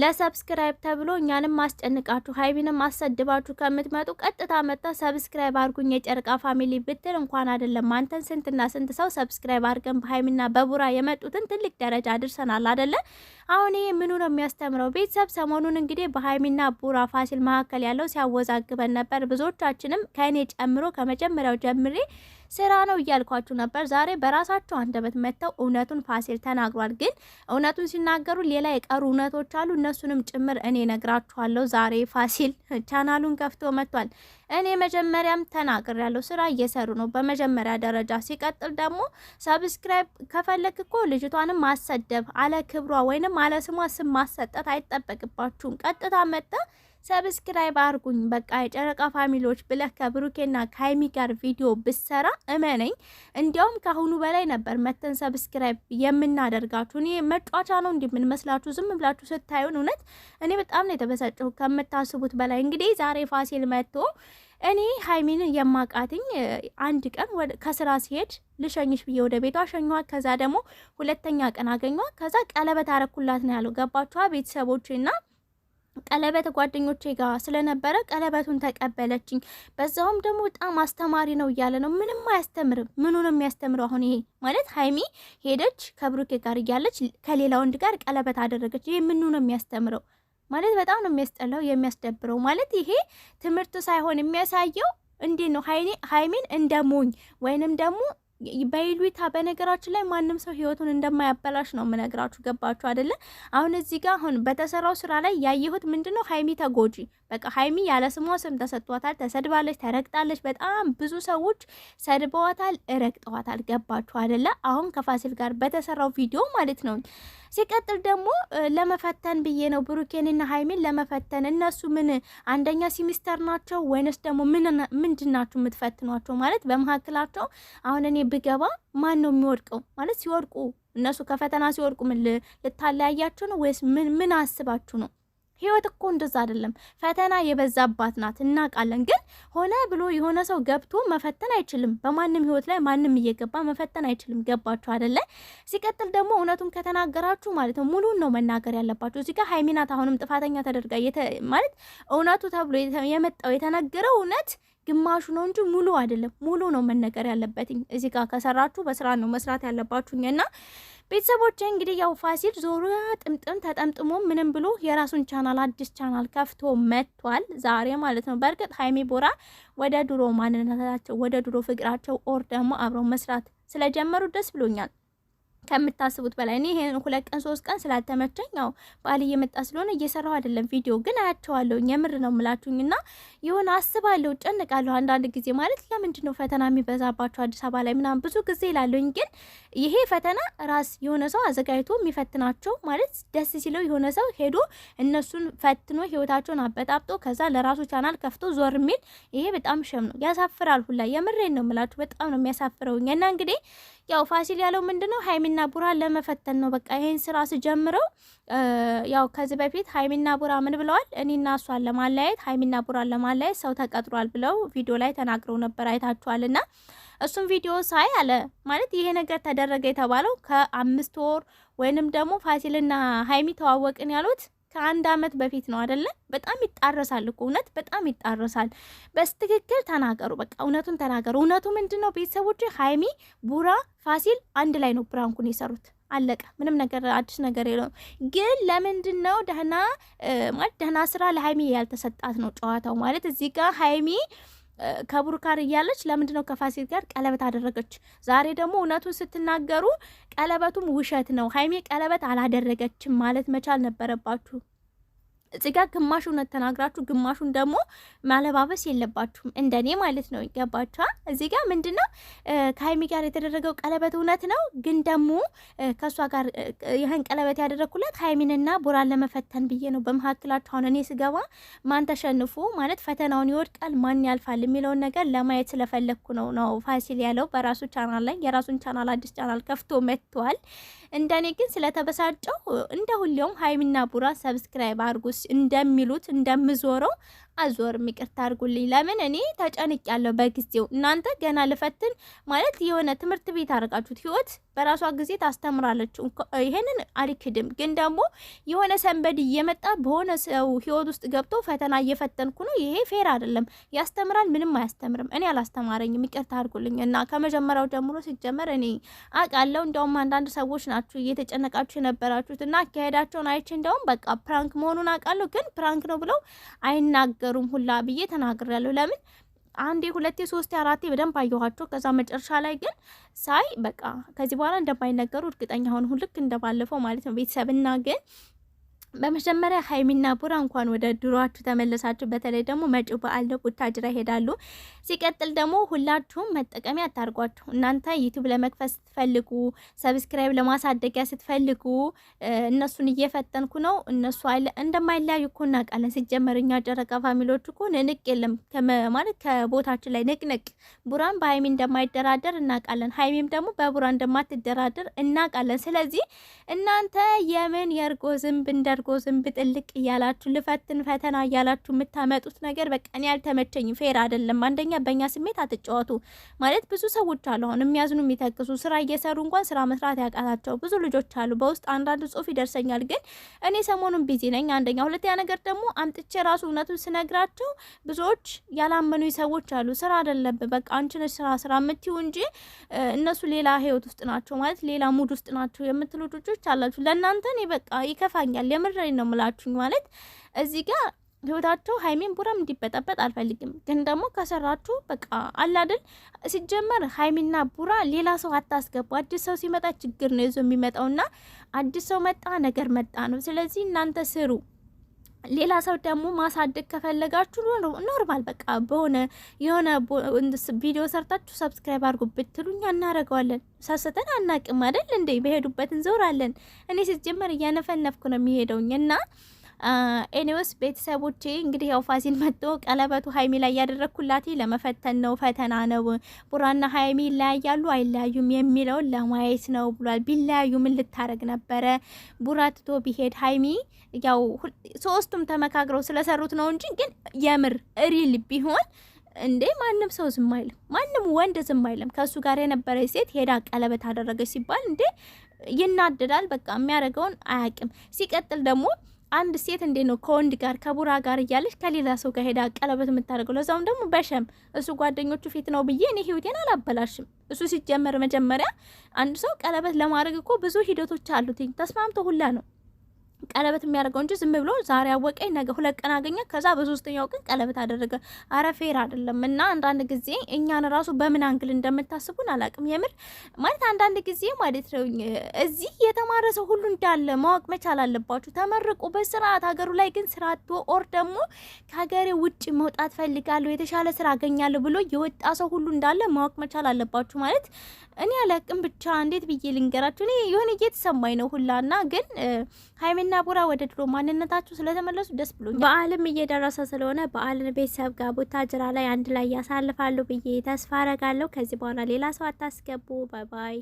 ለሰብስክራይብ ተብሎ እኛንም ማስጨንቃችሁ ሀይሚንም አሰድባችሁ ከምትመጡ ቀጥታ መጣ ሰብስክራይብ አርጉኝ የጨርቃ ፋሚሊ ብትል እንኳን አይደለም አንተን ስንትና ስንት ሰው ሰብስክራይብ አርገን በሀይሚና በቡራ የመጡትን ትልቅ ደረጃ አድርሰናል አደለ? አሁን ይሄ ምኑ ነው የሚያስተምረው? ቤተሰብ ሰሞኑን እንግዲህ በሀይሚና ቡራ ፋሲል መካከል ያለው ሲያወዛግበን ነበር። ብዙዎቻችንም ከእኔ ጨምሮ ከመጀመሪያው ጀምሬ ስራ ነው እያልኳችሁ ነበር። ዛሬ በራሳቸው አንደበት መጥተው እውነቱን ፋሲል ተናግሯል። ግን እውነቱን ሲናገሩ ሌላ የቀሩ እውነቶች አሉ። እነሱንም ጭምር እኔ ነግራችኋለሁ። ዛሬ ፋሲል ቻናሉን ከፍቶ መጥቷል። እኔ መጀመሪያም ያለው ስራ እየሰሩ ነው በመጀመሪያ ደረጃ። ሲቀጥል ደግሞ ሰብስክራይብ ከፈለግ እኮ ልጅቷንም ማሰደብ አለ ክብሯ ወይንም አለ ስሟ ስም ማሰጠት አይጠበቅባችሁም። ቀጥታ መጠ ሰብስክራይብ አርጉኝ በቃ የጨረቃ ፋሚሊዎች ብለህ ከብሩኬና ከሀይሚ ጋር ቪዲዮ ብሰራ እመነኝ፣ እንዲያውም ከአሁኑ በላይ ነበር መተን ሰብስክራይብ የምናደርጋችሁ። እኔ መጫወቻ ነው እንደምንመስላችሁ ዝም ብላችሁ ስታዩን፣ እውነት እኔ በጣም ነው የተበሳጨሁ ከምታስቡት በላይ። እንግዲህ ዛሬ ፋሲል መጥቶ እኔ ሀይሚን የማቃትኝ አንድ ቀን ከስራ ሲሄድ ልሸኝሽ ብዬ ወደ ቤቷ ሸኟ። ከዛ ደግሞ ሁለተኛ ቀን አገኟ። ከዛ ቀለበት አረኩላት ነው ያለው። ገባችኋ ቤተሰቦች ና ቀለበት ጓደኞቼ ጋር ስለነበረ ቀለበቱን ተቀበለችኝ። በዛውም ደግሞ በጣም አስተማሪ ነው እያለ ነው። ምንም አያስተምርም። ምኑ ነው የሚያስተምረው? አሁን ይሄ ማለት ሀይሚ ሄደች ከብሩኬ ጋር እያለች ከሌላ ወንድ ጋር ቀለበት አደረገች። ይሄ ምኑ ነው የሚያስተምረው? ማለት በጣም ነው የሚያስጠላው፣ የሚያስደብረው። ማለት ይሄ ትምህርት ሳይሆን የሚያሳየው እንዴት ነው ሀይሜን እንደ ሞኝ ወይንም ደግሞ በይሉኝታ በነገራችን ላይ ማንም ሰው ህይወቱን እንደማያበላሽ ነው የምነግራችሁ። ገባችሁ አይደለ? አሁን እዚህ ጋር አሁን በተሰራው ስራ ላይ ያየሁት ምንድን ነው ሀይሚ ተጎጂ በቃ ሀይሚ ያለ ስሟ ስም ተሰጥቷታል። ተሰድባለች፣ ተረግጣለች። በጣም ብዙ ሰዎች ሰድበዋታል፣ እረግጠዋታል። ገባችሁ አደለ? አሁን ከፋሲል ጋር በተሰራው ቪዲዮ ማለት ነው። ሲቀጥል ደግሞ ለመፈተን ብዬ ነው ብሩኬንና ሀይሚን ለመፈተን። እነሱ ምን አንደኛ ሲሚስተር ናቸው ወይንስ ደግሞ ምንድን ናቸው የምትፈትኗቸው? ማለት በመካከላቸው አሁን እኔ ብገባ ማን ነው የሚወድቀው? ማለት ሲወድቁ እነሱ ከፈተና ሲወድቁ ምን ልታለያያቸው ነው ወይስ ምን ምን አስባችሁ ነው? ህይወት እኮ እንደዛ አይደለም። ፈተና የበዛባት ናት እናውቃለን። ግን ሆነ ብሎ የሆነ ሰው ገብቶ መፈተን አይችልም። በማንም ህይወት ላይ ማንም እየገባ መፈተን አይችልም። ገባችሁ አይደለ? ሲቀጥል ደግሞ እውነቱን ከተናገራችሁ ማለት ነው ሙሉን ነው መናገር ያለባችሁ። እዚህ ጋር ሃይሚ ናት አሁንም ጥፋተኛ ተደርጋ ማለት እውነቱ ተብሎ የመጣው የተነገረው እውነት ግማሹ ነው እንጂ ሙሉ አይደለም። ሙሉ ነው መነገር ያለበትኝ። እዚህ ጋር ከሰራችሁ በስራ ነው መስራት ያለባችሁኝ ና ቤተሰቦች እንግዲህ ያው ፋሲል ዞሪያ ጥምጥም ተጠምጥሞ ምንም ብሎ የራሱን ቻናል አዲስ ቻናል ከፍቶ መጥቷል ዛሬ ማለት ነው። በእርግጥ ሀይሜ ቦራ ወደ ድሮ ማንነታቸው ወደ ድሮ ፍቅራቸው ኦር ደግሞ አብረው መስራት ስለጀመሩ ደስ ብሎኛል። ከምታስቡት በላይ እኔ ይሄን ሁለት ቀን ሶስት ቀን ስላልተመቸኝ ያው በዓል እየመጣ ስለሆነ እየሰራሁ አይደለም ቪዲዮ ግን አያቸዋለሁ። የምር ነው ምላችሁኝ እና የሆነ አስባለሁ፣ ጨንቃለሁ አንዳንድ ጊዜ ማለት ለምንድን ነው ፈተና የሚበዛባቸው አዲስ አበባ ላይ ምናምን ብዙ ጊዜ ላለኝ። ግን ይሄ ፈተና ራስ የሆነ ሰው አዘጋጅቶ የሚፈትናቸው ማለት ደስ ሲለው የሆነ ሰው ሄዶ እነሱን ፈትኖ ህይወታቸውን አበጣብጦ ከዛ ለራሱ ቻናል ከፍቶ ዞር የሚል ይሄ በጣም ሸም ነው፣ ያሳፍራል ሁላ። የምሬን ነው ምላችሁ፣ በጣም ነው የሚያሳፍረውኝ እና እንግዲህ ያው ፋሲል ያለው ምንድነው ሀይሚና ቡራ ለመፈተን ነው። በቃ ይሄን ስራ ስጀምረው ያው ከዚህ በፊት ሀይሚና ቡራ ምን ብለዋል? እኔና እሷን ለማለያየት ሀይሚና ቡራን ለማለያየት ሰው ተቀጥሯል ብለው ቪዲዮ ላይ ተናግረው ነበር አይታችኋል። እና እሱም ቪዲዮ ሳይ አለ ማለት ይሄ ነገር ተደረገ የተባለው ከአምስት ወር ወይንም ደግሞ ፋሲልና ሀይሚ ተዋወቅን ያሉት ከአንድ አመት በፊት ነው አደለ? በጣም ይጣረሳል እኮ እውነት፣ በጣም ይጣረሳል። በስትክክል ተናገሩ፣ በቃ እውነቱን ተናገሩ። እውነቱ ምንድን ነው? ቤተሰቦች ሀይሚ፣ ቡራ፣ ፋሲል አንድ ላይ ነው ፕራንኩን የሰሩት። አለቀ። ምንም ነገር አዲስ ነገር የለውም። ግን ለምንድን ነው ደህና ማለት ደህና ስራ ለሀይሚ ያልተሰጣት ነው ጨዋታው ማለት እዚህ ጋር ሀይሚ ከቡርካር እያለች ለምንድ ነው ከፋሲል ጋር ቀለበት አደረገች? ዛሬ ደግሞ እውነቱን ስትናገሩ ቀለበቱም ውሸት ነው፣ ሀይሜ ቀለበት አላደረገችም ማለት መቻል ነበረባችሁ። እዚህ ጋር ግማሽ እውነት ተናግራችሁ ግማሹን ደግሞ ማለባበስ የለባችሁም። እንደኔ ማለት ነው። ይገባችኋል። እዚህ ጋር ምንድን ነው ከሀይሚ ጋር የተደረገው ቀለበት እውነት ነው፣ ግን ደግሞ ከእሷ ጋር ይህን ቀለበት ያደረግኩለት ሀይሚንና ቦራን ለመፈተን ብዬ ነው። በመካከላችሁ አሁን እኔ ስገባ ማን ተሸንፎ ማለት ፈተናውን ይወድቃል፣ ማን ያልፋል የሚለውን ነገር ለማየት ስለፈለግኩ ነው ነው ፋሲል ያለው በራሱ ቻናል ላይ የራሱን ቻናል አዲስ ቻናል ከፍቶ መጥቷል። እንደኔ ግን ስለተበሳጨው እንደ ሁሌውም ሀይሚና ቡራ ሰብስክራይብ አርጉስ እንደሚሉት እንደምዞረው አዞር ይቅርታ አርጉልኝ። ለምን እኔ ተጨንቅ ያለው በጊዜው እናንተ ገና ልፈትን ማለት የሆነ ትምህርት ቤት አርጋችሁት ህይወት በራሷ ጊዜ ታስተምራለች። ይሄንን አልክድም። ግን ደግሞ የሆነ ሰንበድ እየመጣ በሆነ ሰው ህይወት ውስጥ ገብቶ ፈተና እየፈተንኩ ነው። ይሄ ፌር አይደለም። ያስተምራል? ምንም አያስተምርም። እኔ አላስተማረኝም። ይቅርታ አድርጉልኝ እና ከመጀመሪያው ጀምሮ ሲጀመር እኔ አውቃለሁ። እንዲያውም አንዳንድ ሰዎች ናችሁ እየተጨነቃችሁ የነበራችሁት እና አካሄዳቸውን አይቼ እንዲያውም በቃ ፕራንክ መሆኑን አውቃለሁ። ግን ፕራንክ ነው ብለው አይናገሩም ሁላ ብዬ ተናግሬያለሁ። ለምን አንዴ ሁለቴ ሶስቴ አራቴ በደንብ አየኋቸው። ከዛ መጨረሻ ላይ ግን ሳይ በቃ ከዚህ በኋላ እንደማይነገሩ እርግጠኛ ሆንሁ። ልክ እንደባለፈው ማለት ነው ቤተሰብና ግን በመጀመሪያ ሀይሚና ቡራ እንኳን ወደ ድሯችሁ ተመለሳችሁ። በተለይ ደግሞ መጪው በዓል ቡታጅራ ይሄዳሉ። ሲቀጥል ደግሞ ሁላችሁም መጠቀሚያ አታርጓችሁ። እናንተ ዩቲዩብ ለመክፈት ስትፈልጉ፣ ሰብስክራይብ ለማሳደጊያ ስትፈልጉ እነሱን እየፈተንኩ ነው። እነሱ እንደማይለያዩ እኮ እናውቃለን። ሲጀመር እኛ ጨረቃ ፋሚሊዎች እኮ ንንቅ የለም ማለት ከቦታችን ላይ ንቅንቅ። ቡራን በሀይሚ እንደማይደራደር እናውቃለን። ሀይሚም ደግሞ በቡራ እንደማትደራደር እናውቃለን። ስለዚህ እናንተ የምን የእርጎ ዝንብ እንደ አድርጎ ዝንብ ጥልቅ እያላችሁ ልፈትን ፈተና እያላችሁ የምታመጡት ነገር በቃ እኔ ያልተመቸኝ ፌር አይደለም። አንደኛ በእኛ ስሜት አትጫወቱ። ማለት ብዙ ሰዎች አሉ አሁን የሚያዝኑ የሚተክሱ ስራ እየሰሩ እንኳን ስራ መስራት ያቃታቸው ብዙ ልጆች አሉ። በውስጥ አንዳንድ ጽሁፍ ይደርሰኛል። ግን እኔ ሰሞኑን ቢዚ ነኝ። አንደኛ ሁለተኛ ነገር ደግሞ አምጥቼ ራሱ እውነቱን ስነግራቸው ብዙዎች ያላመኑ ሰዎች አሉ። ስራ አይደለም በቃ አንቺ ስራ ስራ የምትይው እንጂ እነሱ ሌላ ህይወት ውስጥ ናቸው ማለት ሌላ ሙድ ውስጥ ናቸው የምትሉ ልጆች አላችሁ። ለእናንተ እኔ በቃ ይከፋኛል የምሬ ነው ምላችሁኝ ማለት እዚህ ጋር ህይወታቸው ሀይሜን ቡራም እንዲበጠበጥ አልፈልግም። ግን ደግሞ ከሰራችሁ በቃ አላድል ሲጀመር ሀይሜና ቡራ ሌላ ሰው አታስገቡ። አዲስ ሰው ሲመጣ ችግር ነው ይዞ የሚመጣውና አዲስ ሰው መጣ ነገር መጣ ነው። ስለዚህ እናንተ ስሩ። ሌላ ሰው ደግሞ ማሳደግ ከፈለጋችሁ ኖርማል በቃ በሆነ የሆነ ቪዲዮ ሰርታችሁ ሰብስክራይብ አድርጉ ብትሉኛ እናደርገዋለን። ሳሰተን አናቅም አይደል እንዴ? በሄዱበት እንዞራለን። እኔ ሲጀመር እያነፈነፍኩ ነው የሚሄደውኝ እና ኤኔዎስ ቤተሰቦቼ እንግዲህ ያው ፋሲል መጥቶ ቀለበቱ ሀይሚ ላይ ያደረግኩላት ለመፈተን ነው፣ ፈተና ነው። ቡራና ሀይሚ ይለያያሉ አይለያዩም የሚለውን ለማየት ነው ብሏል። ቢለያዩ ምን ልታረግ ነበረ? ቡራ ትቶ ቢሄድ ሀይሚ ያው ሶስቱም ተመካክረው ስለሰሩት ነው እንጂ ግን የምር ሪል ቢሆን እንዴ ማንም ሰው ዝም አይልም። ማንም ወንድ ዝም አይልም። ከእሱ ጋር የነበረች ሴት ሄዳ ቀለበት አደረገች ሲባል እንዴ ይናደዳል። በቃ የሚያደርገውን አያውቅም። ሲቀጥል ደግሞ አንድ ሴት እንዴት ነው ከወንድ ጋር ከቡራ ጋር እያለች ከሌላ ሰው ጋር ሄዳ ቀለበት የምታደርገው? ለዛውም ደግሞ በሸም እሱ ጓደኞቹ ፊት ነው ብዬ እኔ ህይወቴን አላበላሽም። እሱ ሲጀመር መጀመሪያ አንድ ሰው ቀለበት ለማድረግ እኮ ብዙ ሂደቶች አሉት ተስማምቶ ሁላ ነው ቀለበት የሚያደርገው እንጂ ዝም ብሎ ዛሬ አወቀኝ ነገ ሁለት ቀን አገኘ ከዛ በሶስተኛው ቀን ቀለበት አደረገ። አረ ፌር አይደለም። እና አንዳንድ ጊዜ እኛን ራሱ በምን አንግል እንደምታስቡን አላቅም። የምር ማለት አንዳንድ ጊዜ ማለት ነው እዚህ የተማረ ሰው ሁሉ እንዳለ ማወቅ መቻል አለባችሁ። ተመርቁ በስርዓት ሀገሩ ላይ ግን ስራ አጥቶ ኦር ደግሞ ከሀገሬ ውጭ መውጣት ፈልጋለሁ የተሻለ ስራ አገኛለሁ ብሎ የወጣ ሰው ሁሉ እንዳለ ማወቅ መቻል አለባችሁ። ማለት እኔ አላቅም ብቻ እንዴት ብዬ ልንገራችሁ እኔ የሆነ እየተሰማኝ ነው ሁላና ግን ሀይሜ ሀይሚና ቡራ ወደ ድሮ ማንነታቸው ስለተመለሱ ደስ ብሎኛል። በዓልም እየደረሰ ስለሆነ በዓልን ቤተሰብ ጋር ቡታጅራ ላይ አንድ ላይ ያሳልፋሉ ብዬ ተስፋ አረጋለሁ። ከዚህ በኋላ ሌላ ሰው አታስገቡ። ባይ ባይ።